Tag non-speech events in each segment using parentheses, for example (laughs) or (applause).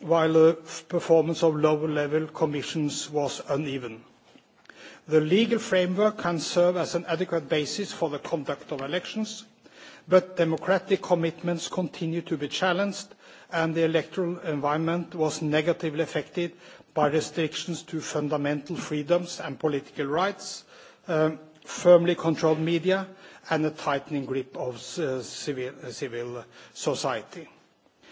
while the performance of lower-level commissions was uneven. The legal framework can serve as an adequate basis for the conduct of elections, but democratic commitments continue to be challenged, and the electoral environment was negatively affected by restrictions to fundamental freedoms and political rights, um, firmly controlled media, and a tightening grip of uh, civil, uh, civil society.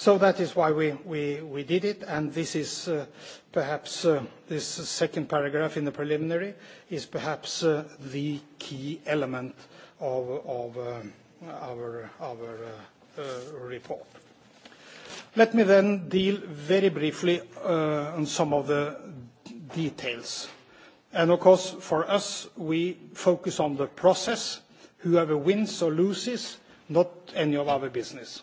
So that is why we, we, we did it, and this is uh, perhaps uh, this second paragraph in the preliminary is perhaps uh, the key element of, of uh, our, our uh, uh, report. Let me then deal very briefly uh, on some of the details. And of course, for us, we focus on the process. Whoever wins or loses, not any of our business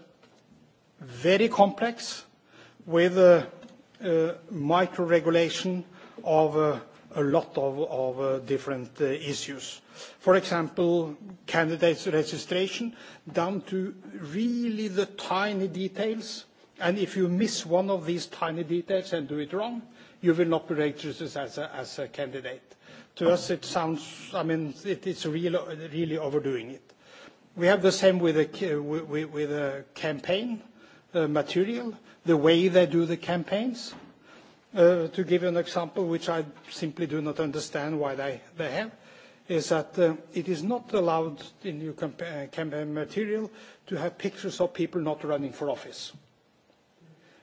very complex with uh, uh, micro-regulation of uh, a lot of, of uh, different uh, issues. For example, candidates registration down to really the tiny details. And if you miss one of these tiny details and do it wrong, you will not be registered as a, as a candidate. To us, it sounds, I mean, it, it's really, really overdoing it. We have the same with a, with, with a campaign Uh, material, the way they do the campaigns. Uh, to give you an example, which I simply do not understand why they, they have, is that uh, it is not allowed in your uh, campaign material to have pictures of people not running for office.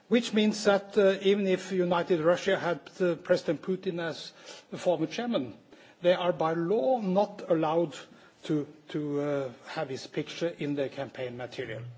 Which means that uh, even if United Russia had uh, President Putin as the former chairman, they are by law not allowed to, to uh, have his picture in their campaign material. Mm -hmm.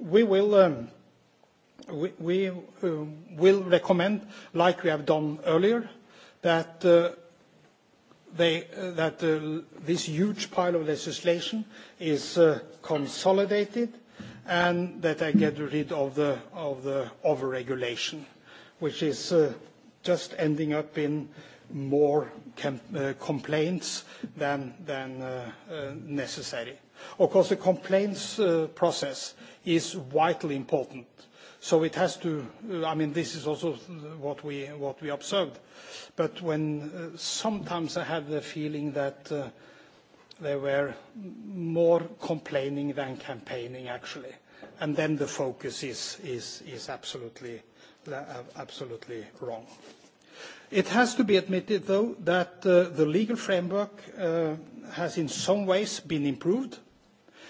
we will um, we, we uh will recommend, like we have done earlier, that uh, they uh, that uh, this huge pile of legislation is uh, consolidated and that I get rid of the of the overregulation, which is uh, just ending up in more uh, complaints than than uh, uh, necessary. Of course, the complaints uh, process is vitally important. So it has to, uh, I mean, this is also what we, what we observed. But when uh, sometimes I had the feeling that uh, there were more complaining than campaigning, actually. And then the focus is, is, is absolutely, uh, absolutely wrong. It has to be admitted, though, that uh, the legal framework uh, has in some ways been improved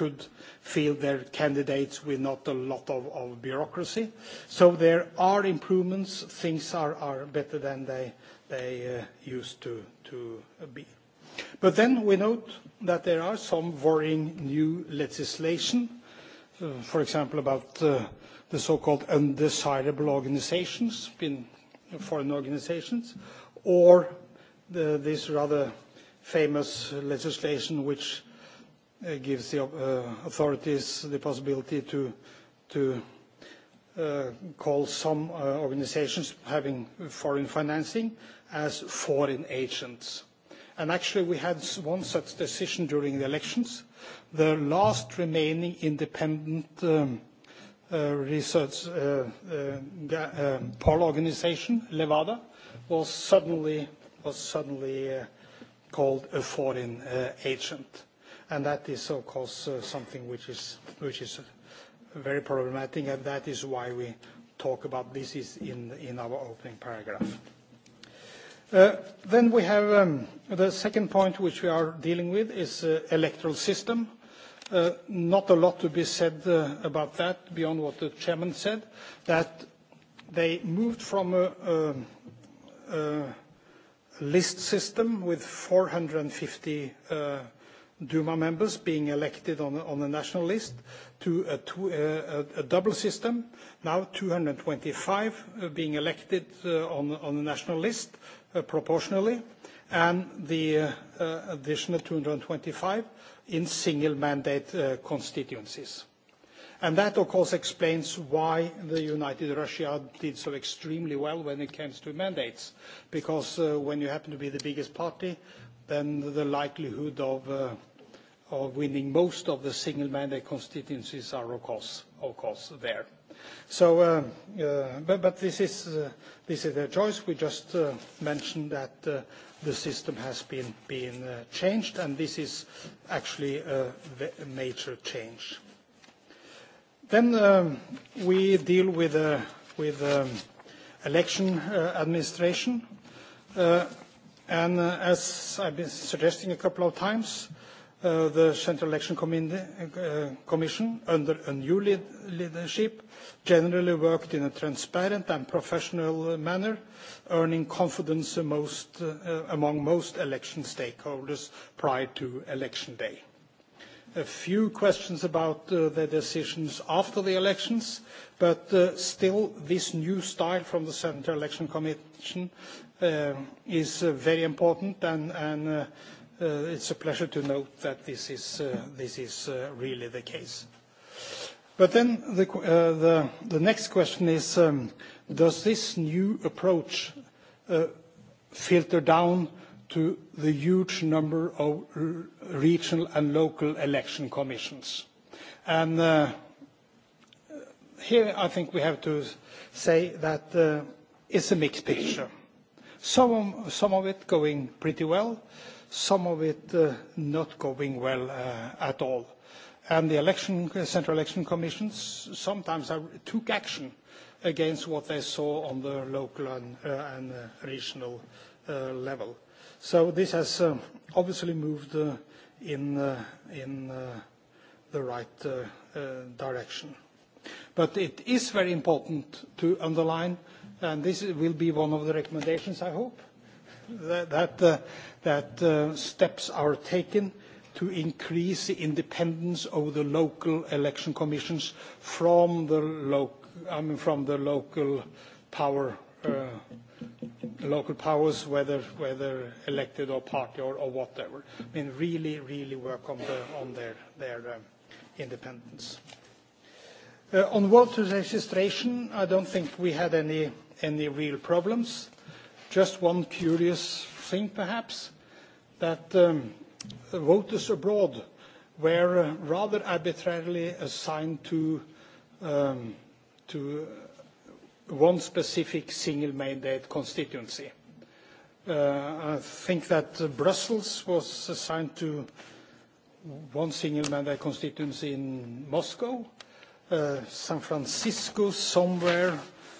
could feel their candidates with not a lot of, of bureaucracy. So there are improvements. Things are, are better than they, they uh, used to, to be. But then we note that there are some worrying new legislation, uh, for example, about uh, the so-called undesirable organizations, been foreign organizations, or the, this rather famous legislation which uh, gives the uh, authorities the possibility to, to uh, call some uh, organizations having foreign financing as foreign agents. And actually we had one such decision during the elections. The last remaining independent um, uh, research uh, uh, uh, poll organization, Levada, was suddenly, was suddenly uh, called a foreign uh, agent and that is of course uh, something which is, which is uh, very problematic and that is why we talk about this is in, in our opening paragraph. Uh, then we have um, the second point which we are dealing with is uh, electoral system. Uh, not a lot to be said uh, about that beyond what the chairman said, that they moved from a, a, a list system with 450 uh, Duma members being elected on, on the national list to a, to, uh, a, a double system. Now 225 uh, being elected uh, on, on the national list uh, proportionally and the uh, uh, additional 225 in single mandate uh, constituencies. And that, of course, explains why the United Russia did so extremely well when it comes to mandates, because uh, when you happen to be the biggest party, then the likelihood of uh, of winning most of the single mandate constituencies are of course, of course there. So, uh, uh, but, but this is uh, this is their choice. We just uh, mentioned that uh, the system has been been uh, changed, and this is actually a major change. Then um, we deal with uh, with um, election uh, administration, uh, and uh, as I've been suggesting a couple of times uh, the Central Election Com uh, Commission, under a new le leadership, generally worked in a transparent and professional manner, earning confidence most, uh, among most election stakeholders prior to election day. A few questions about uh, the decisions after the elections, but uh, still this new style from the Central Election Commission uh, is uh, very important and, and uh, Uh, it's a pleasure to note that this is, uh, this is uh, really the case. But then the, uh, the, the next question is, um, does this new approach uh, filter down to the huge number of regional and local election commissions? And uh, here I think we have to say that uh, it's a mixed picture. Some, some of it going pretty well, uh, some of it uh, not going well uh, at all. And the election, uh, Central Election Commissions sometimes are, took action against what they saw on the local and, uh, and uh, regional uh, level. So this has uh, obviously moved uh, in, uh, in uh, the right uh, uh, direction. But it is very important to underline, and this will be one of the recommendations, I hope, that, uh, that uh, steps are taken to increase the independence of the local election commissions from the, local I mean, from the local power uh, local powers, whether whether elected or party or, or whatever. I mean, really, really work on, the, on their their um, independence. Uh, on voter registration, I don't think we had any any real problems. Just one curious thing, perhaps, that um, voters abroad were uh, rather arbitrarily assigned to, um, to one specific single mandate constituency. Uh, I think that uh, Brussels was assigned to one single mandate constituency in Moscow, uh, San Francisco somewhere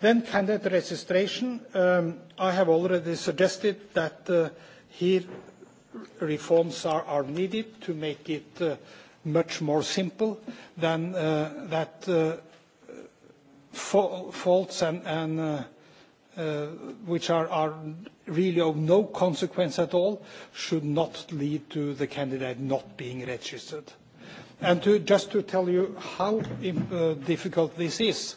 Then candidate registration, um, I have already suggested that uh, here reforms are, are needed to make it uh, much more simple than uh, that uh, fa faults and, and uh, uh, which are, are really of no consequence at all should not lead to the candidate not being registered. And to, just to tell you how uh, difficult this is,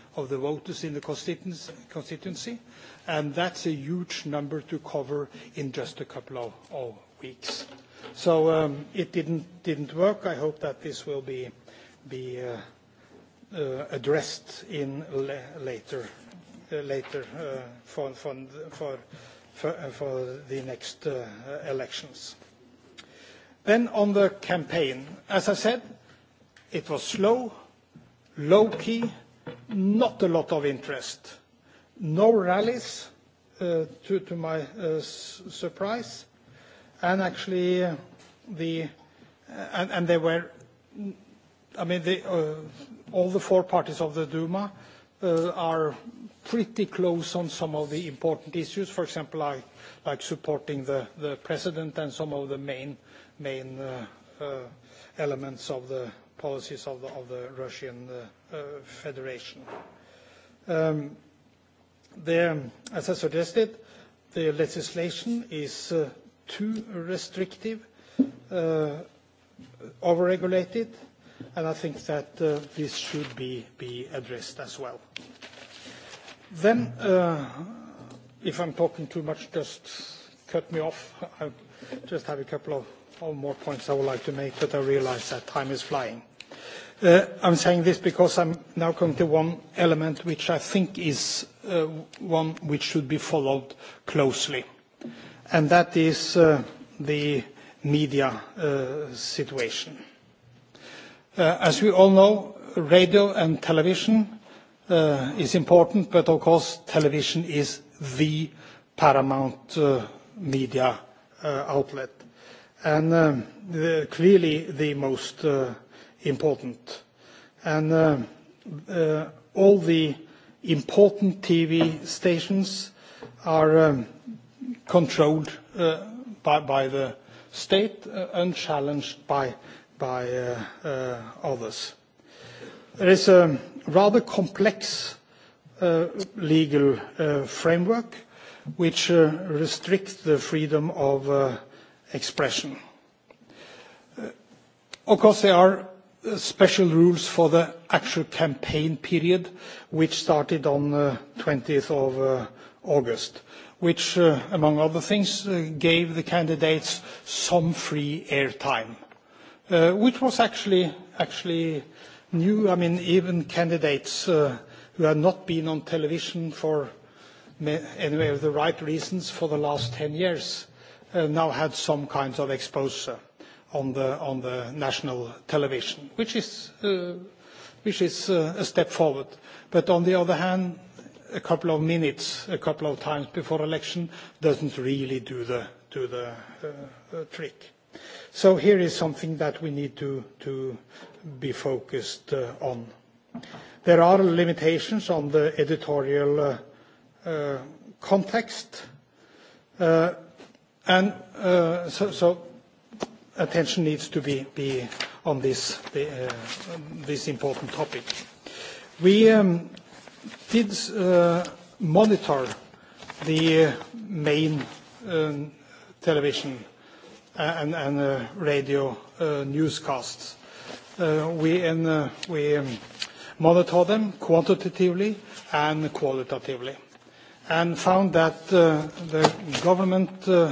of the voters in the constituency, and that's a huge number to cover in just a couple of, of weeks. So um, it didn't, didn't work. I hope that this will be, be uh, uh, addressed in later, uh, later uh, for, for, for, for uh, the next uh, elections. Then on the campaign, as I said, it was slow, low-key, not a lot of interest. No rallies, uh, to, my uh, surprise, and actually uh, the uh, and, and they were, I mean, the, uh, all the four parties of the Duma uh, are pretty close on some of the important issues. For example, like supporting the, the president and some of the main elements of the policies of the, of the Russian uh, uh, Federation. Um, the, as I suggested, the legislation is uh, too restrictive, uh, overregulated, and I think that uh, this should be, be addressed as well. Then, uh, if I'm talking too much, just cut me off. (laughs) I just have a couple of, of more points I would like to make, but I realize that time is flying. Uh, I'm saying this because I'm now coming to one element which I think is uh, one which should be followed closely, and that is uh, the media uh, situation. Uh, as we all know, radio and television uh, is important, but of course television is the paramount uh, media uh, outlet, and uh, the, clearly the most uh, important. And uh, uh, all the important TV stations are um, controlled uh, by, by the state, uh, unchallenged by, by uh, uh, others. There is a rather complex uh, legal uh, framework which uh, restricts the freedom of uh, expression. Uh, of course, there are Uh, special rules for the actual campaign period, which started on uh, 20th of uh, August, which, uh, among other things, uh, gave the candidates some free airtime, uh, which was actually, actually new. I mean, even candidates uh, who had not been on television for anyway, the right reasons for the last 10 years uh, now had some kinds of exposure on the, on the national television, which is, uh, which is uh, a step forward. But on the other hand, a couple of minutes, a couple of times before election doesn't really do the, do the uh, uh, trick. So here is something that we need to, to be focused uh, on. There are limitations on the editorial uh, uh, context. Uh, and uh, so, so attention needs to be, be on this, the, uh, this important topic. We um, did uh, monitor the main um, television uh, and, and uh, radio uh, newscasts. Uh, we and, uh, we um, monitor them quantitatively and qualitatively and found that uh, the government uh,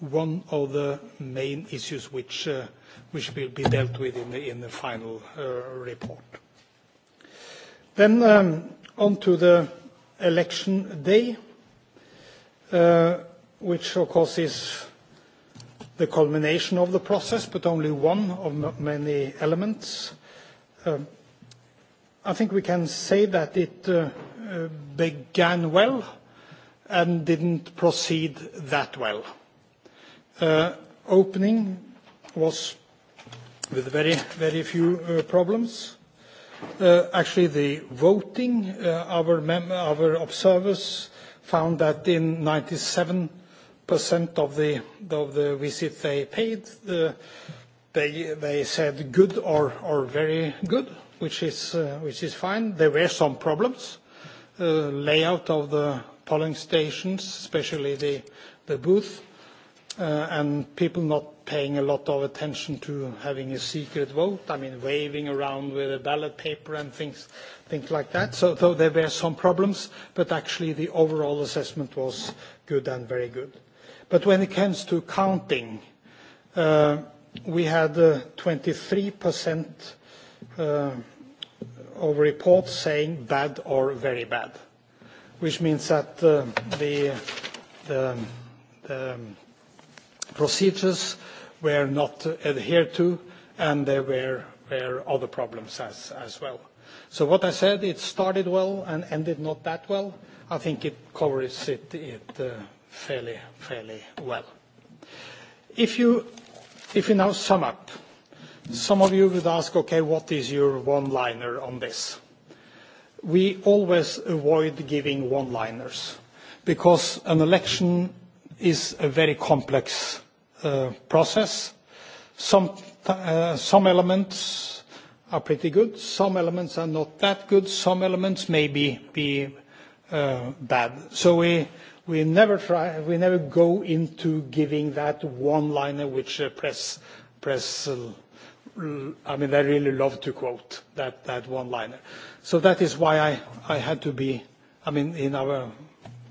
one of the main issues which, uh, which will be dealt with in the, in the final uh, report. Then um, on to the election day, uh, which of course is the culmination of the process, but only one of many elements. Um, I think we can say that it uh, uh began well and didn't proceed that well uh, opening was with very, very few uh, problems. Uh, actually, the voting, uh, our, mem our observers found that in 97% of the, of the visits they paid, uh, they, they said good or, or very good, which is, uh, which is fine. There were some problems. Uh, layout of the polling stations, especially the, the booth, uh, and people not paying a lot of attention to having a secret vote, I mean, waving around with a ballot paper and things, things like that. So, though there were some problems, but actually the overall assessment was good and very good. But when it comes to counting, uh, we had uh, 23% uh, of reports saying bad or very bad, which means that uh, the, the, the procedures were not adhered to, and there were, were other problems as, as well. So what I said, it started well and ended not that well. I think it covers it, it uh, fairly, fairly well. If you, if you now sum up, some of you would ask, okay, what is your one-liner on this? We always avoid giving one-liners because an election is a very complex uh, process. Some, uh, some elements are pretty good, some elements are not that good, some elements may be, uh, bad. So we, we, never try, we never go into giving that one-liner which uh, press, press uh, I mean, I really love to quote that, that one-liner. So that is why I, I had to be, I mean, in our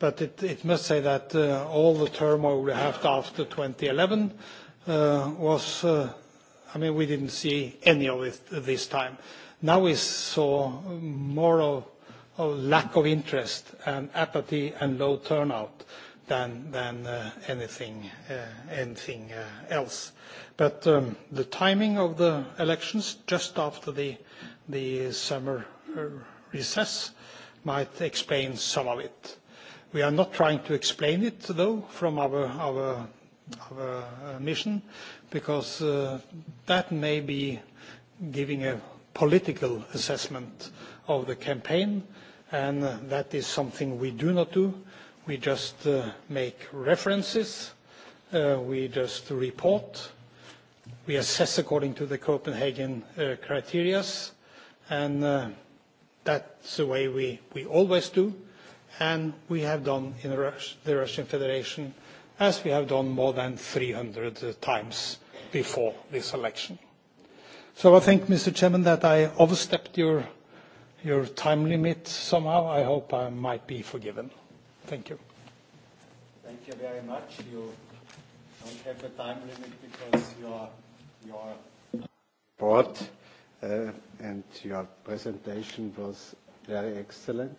But it, it must say that uh, all the turmoil we had after 2011 uh, was, uh, I mean, we didn't see any of it this time. Now we saw more of, a lack of interest and apathy and low turnout than, than uh, anything, uh, anything uh, else. But um, the timing of the elections just after the, the summer uh, recess might explain some of it. We are not trying to explain it, though, from our, our, our uh, mission, because uh, that may be giving a political assessment of the campaign, and that is something we do not do. We just uh, make references, uh, we just report, we assess according to the Copenhagen uh, criteria, and uh, that's the way we, we always do and we have done in Rus the Russian Federation as we have done more than 300 uh, times before this election. So I think, Mr. Chairman, that I overstepped your, your time limit somehow. I hope I might be forgiven. Thank you. Thank you very much. You don't have a time limit because you you your report uh, and your presentation was very excellent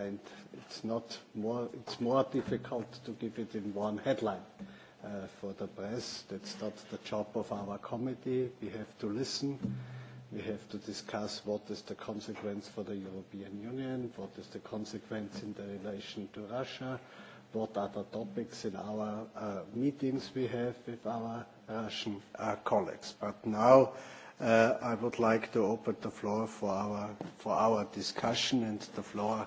and it's not more it's more difficult to give it in one headline uh, for the press that's not the job of our committee we have to listen we have to discuss what is the consequence for the European Union what is the consequence in the relation to Russia what are the topics in our uh, meetings we have with our Russian uh, colleagues but now uh, I would like to open the floor for our, for our discussion and the floor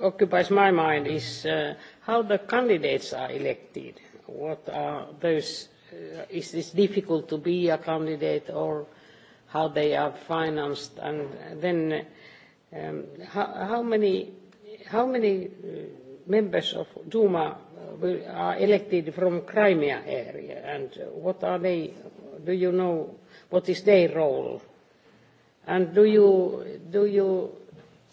occupies my mind is uh, how the candidates are elected. What are those, uh, is this difficult to be a candidate or how they are financed? And then um, how, how many, how many uh, members of Duma uh, are elected from Crimea area and what are they, do you know, what is their role? And do you, do you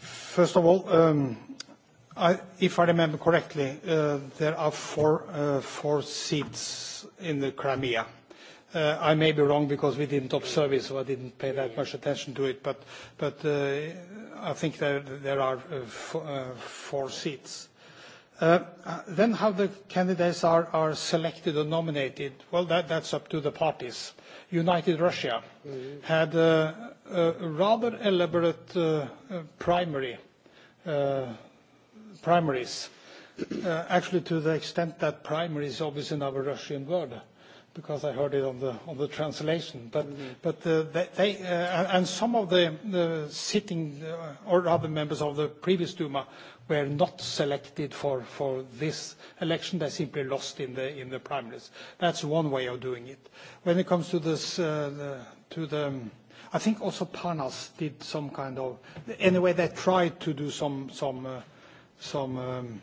first of all, um, I, if I remember correctly, uh, there are four, uh, four seats in the Crimea. Uh, I may be wrong because we didn't observe it, so I didn't pay that much attention to it, but, but uh, I think there, there are uh, four, uh, four seats. Uh, then how the candidates are, are selected or nominated, well, that, that's up to the parties. United Russia had a, uh, a rather elaborate uh, primary uh, primaries, uh, actually to the extent that primary is obvious in our Russian word because I heard it on the on the translation. But mm-hmm. but uh, they, they uh, and some of the, the uh, sitting uh, or other members of the previous Duma were not selected for, for this election. They simply lost in the, in the primaries. That's one way of doing it. When it comes to this, uh, the, to the, um, I think also Parnas did some kind of, anyway, they tried to do some, some, uh, some um,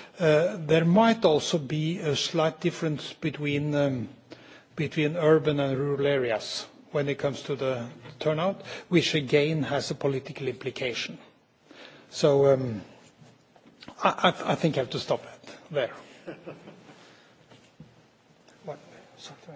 Uh, there might also be a slight difference between, um, between urban and rural areas when it comes to the turnout, which again has a political implication. So um, I, I, I think I have to stop it there. (laughs) What, something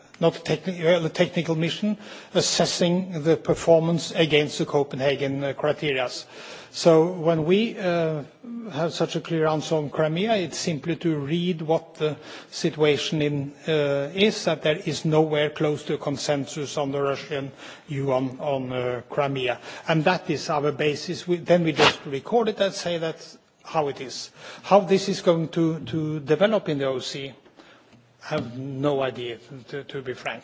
not a techni a technical mission, assessing the performance against the Copenhagen uh, criteria. So when we uh, have such a clear answer on Crimea, it's simply to read what the situation in, uh, is, that there is nowhere close to a consensus on the Russian view on, on uh, Crimea. And that is our basis. We, then we just record it and say that's how it is. How this is going to, to develop in the OC have no idea, to, to be frank.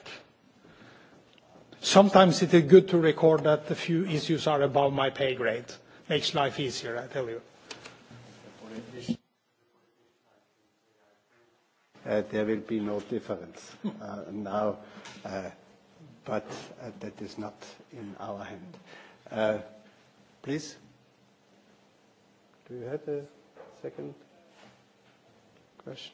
Sometimes it is good to record that a few issues are above my pay grade. Makes life easier, I tell you. Uh, there will be no difference uh, now, uh, but uh, that is not in our hand. Uh, please. Do you have a second question?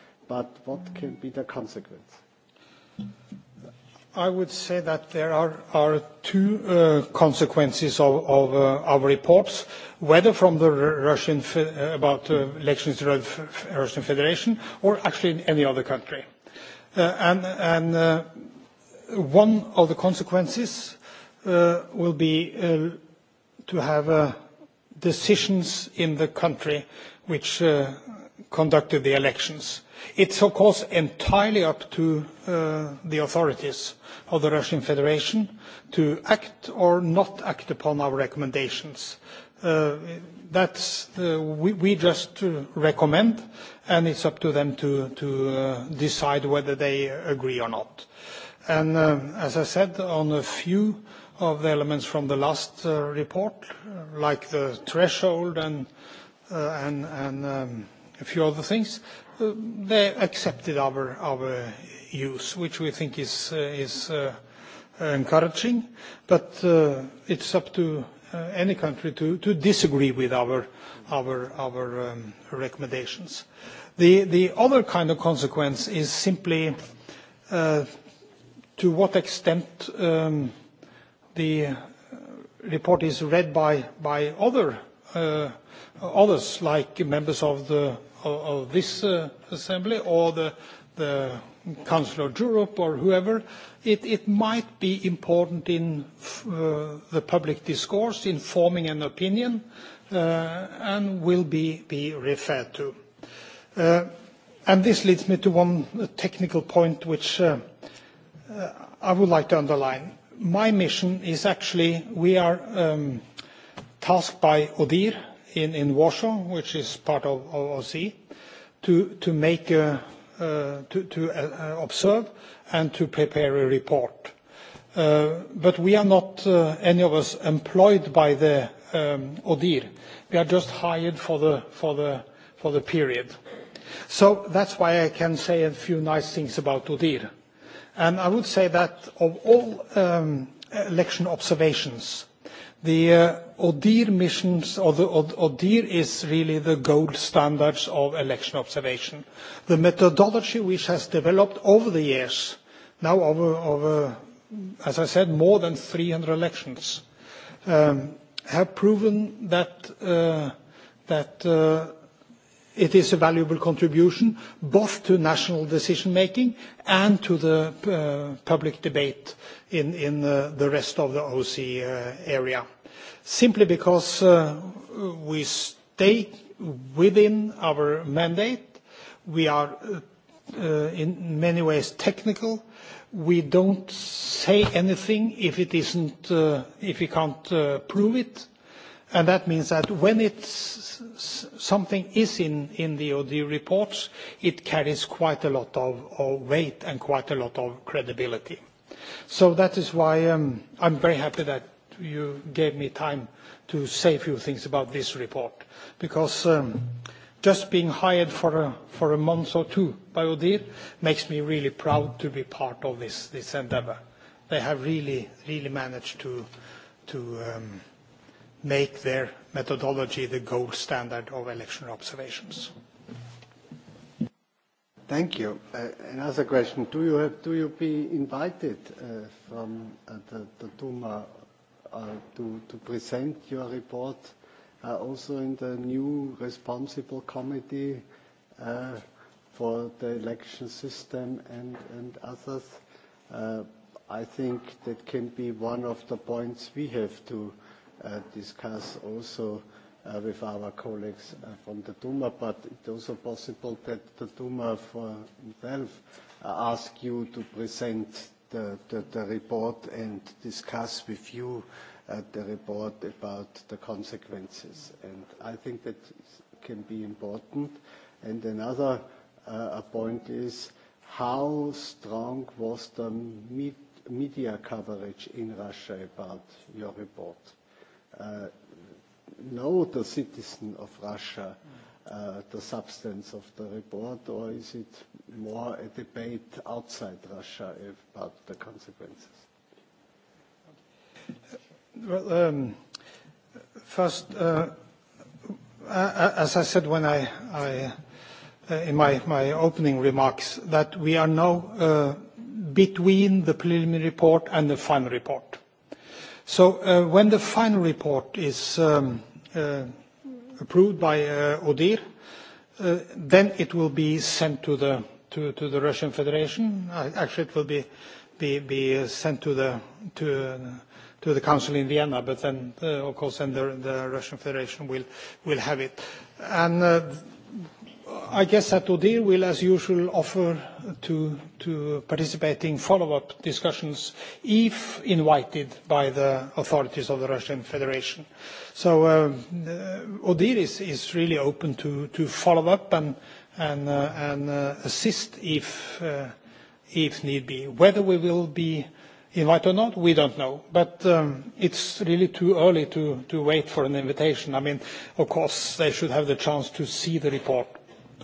but what can be the consequence? I would say that there are, are two uh, consequences of, of uh, our reports, whether from the Russian fe uh, about uh, elections in the Russian Federation or actually in any other country. Uh, and and uh, one of the consequences uh, will be uh, to have uh, decisions in the country which uh, conducted the elections It's of course entirely up to uh, the authorities of the Russian Federation to act or not act upon our recommendations. Uh, that's we, we just recommend, and it's up to them to, to uh, decide whether they agree or not. And uh, as I said, on a few of the elements from the last uh, report, like the threshold and, uh, and, and um, a few other things. Uh, they accepted our, our use, which we think is, uh, is uh, encouraging, but uh, it's up to uh, any country to, to disagree with our, our, our um, recommendations. The, the other kind of consequence is simply uh, to what extent um, the uh, report is read by, by other, uh, others, like members of the of, of this uh, assembly or the, the Council of Europe or whoever, it, it might be important in uh, the public discourse, in forming an opinion, uh, and will be, be referred to. Uh, and this leads me to one technical point which uh, uh, I would like to underline. My mission is actually, we are um, tasked by ODIR, in, in Warsaw, which is part of OC, to, to, make a, uh, to, to uh, uh, observe and to prepare a report. Uh, but we are not, uh, any of us, employed by the um, ODIR. We are just hired for the, for the, for the period. So that's why I can say a few nice things about ODIR. And I would say that of all um, election observations, the uh, ODIR missions, or the, ODIR is really the gold standards of election observation. The methodology which has developed over the years, now over, over as I said, more than 300 elections, um, have proven that, uh, that uh, it is a valuable contribution both to national decision-making and to the uh, public debate in, in uh, the rest of the OC uh, area simply because uh, we stay within our mandate. We are uh, uh, in many ways technical. We don't say anything if it isn't, uh, if we can't uh, prove it. And that means that when it's, something is in, in the OD reports, it carries quite a lot of, of weight and quite a lot of credibility. So that is why um, I'm very happy that you gave me time to say a few things about this report, because um, just being hired for a, for a month or two by Odir makes me really proud to be part of this, this endeavor. They have really, really managed to, to um, make their methodology the gold standard of election observations. Thank you. Uh, another question. Do you, have, do you be invited uh, from uh, the, the Duma uh, to, to present your report uh, also in the new responsible committee uh, for the election system and, and others. Uh, I think that can be one of the points we have to uh, discuss also uh, with our colleagues uh, from the Duma, but it's also possible that the Duma for himself uh, ask you to present the, the, the report and discuss with you uh, the report about the consequences. And I think that can be important. And another uh, point is how strong was the med media coverage in Russia about your report? Uh, no, the citizen of Russia. Mm uh, the substance of the report, or is it more a debate outside Russia about the consequences? Well, um, first, uh, as I said when I, I uh, in my, my opening remarks, that we are now uh, between the preliminary report and the final report. So uh, when the final report is um, uh, approved by uh, ODIR, uh, then it will be sent to the, to, to the Russian Federation. Uh Actually, it will be, be, be uh, sent to the, to, uh, to the Council in Vienna, but then, uh, of course, then the, the Russian Federation will, will have it. And uh, I guess that Odir will, as usual, offer to, to participate in follow-up discussions if invited by the authorities of the Russian Federation. So uh, Odir is, is really open to, to follow up and, and, uh, and uh, assist if, uh, if need be. Whether we will be invited or not, we don't know. But um, it's really too early to, to wait for an invitation. I mean, of course, they should have the chance to see the report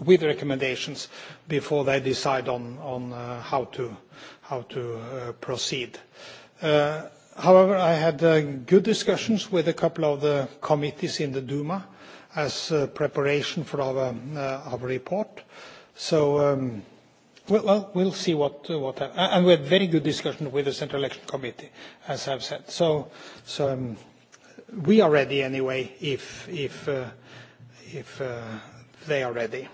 with recommendations before they decide on, on uh, how to, how to uh, proceed. Uh, however, I had uh, good discussions with a couple of the committees in the Duma as uh, preparation for our, uh, our report. So, um, well, well, we'll see what, uh, what happens. And we had very good discussion with the Central Election Committee, as I've said. So, so um, we are ready anyway if, if, uh, if uh, they are ready.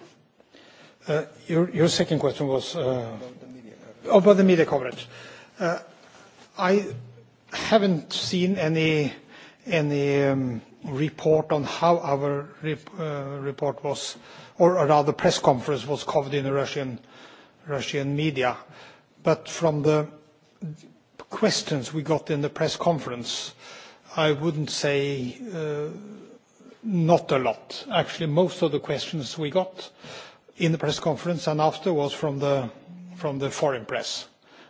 Uh, your, your second question was uh, about the media coverage. Uh, I haven't seen any any um, report on how our rep, uh, report was, or, or rather press conference was covered in the Russian Russian media. But from the questions we got in the press conference, I wouldn't say uh, not a lot. Actually, most of the questions we got in the press conference and after was from the, from the foreign press,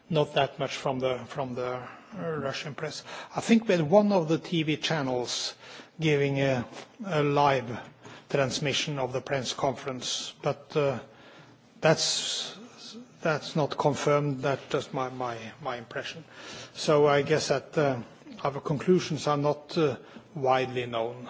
not that much from the, from the uh, Russian press. I think we had one of the TV channels giving a, a live transmission of the press conference, but uh, that's, that's not confirmed. That's just my, my, my impression. So I guess that uh, our conclusions are not uh, widely known.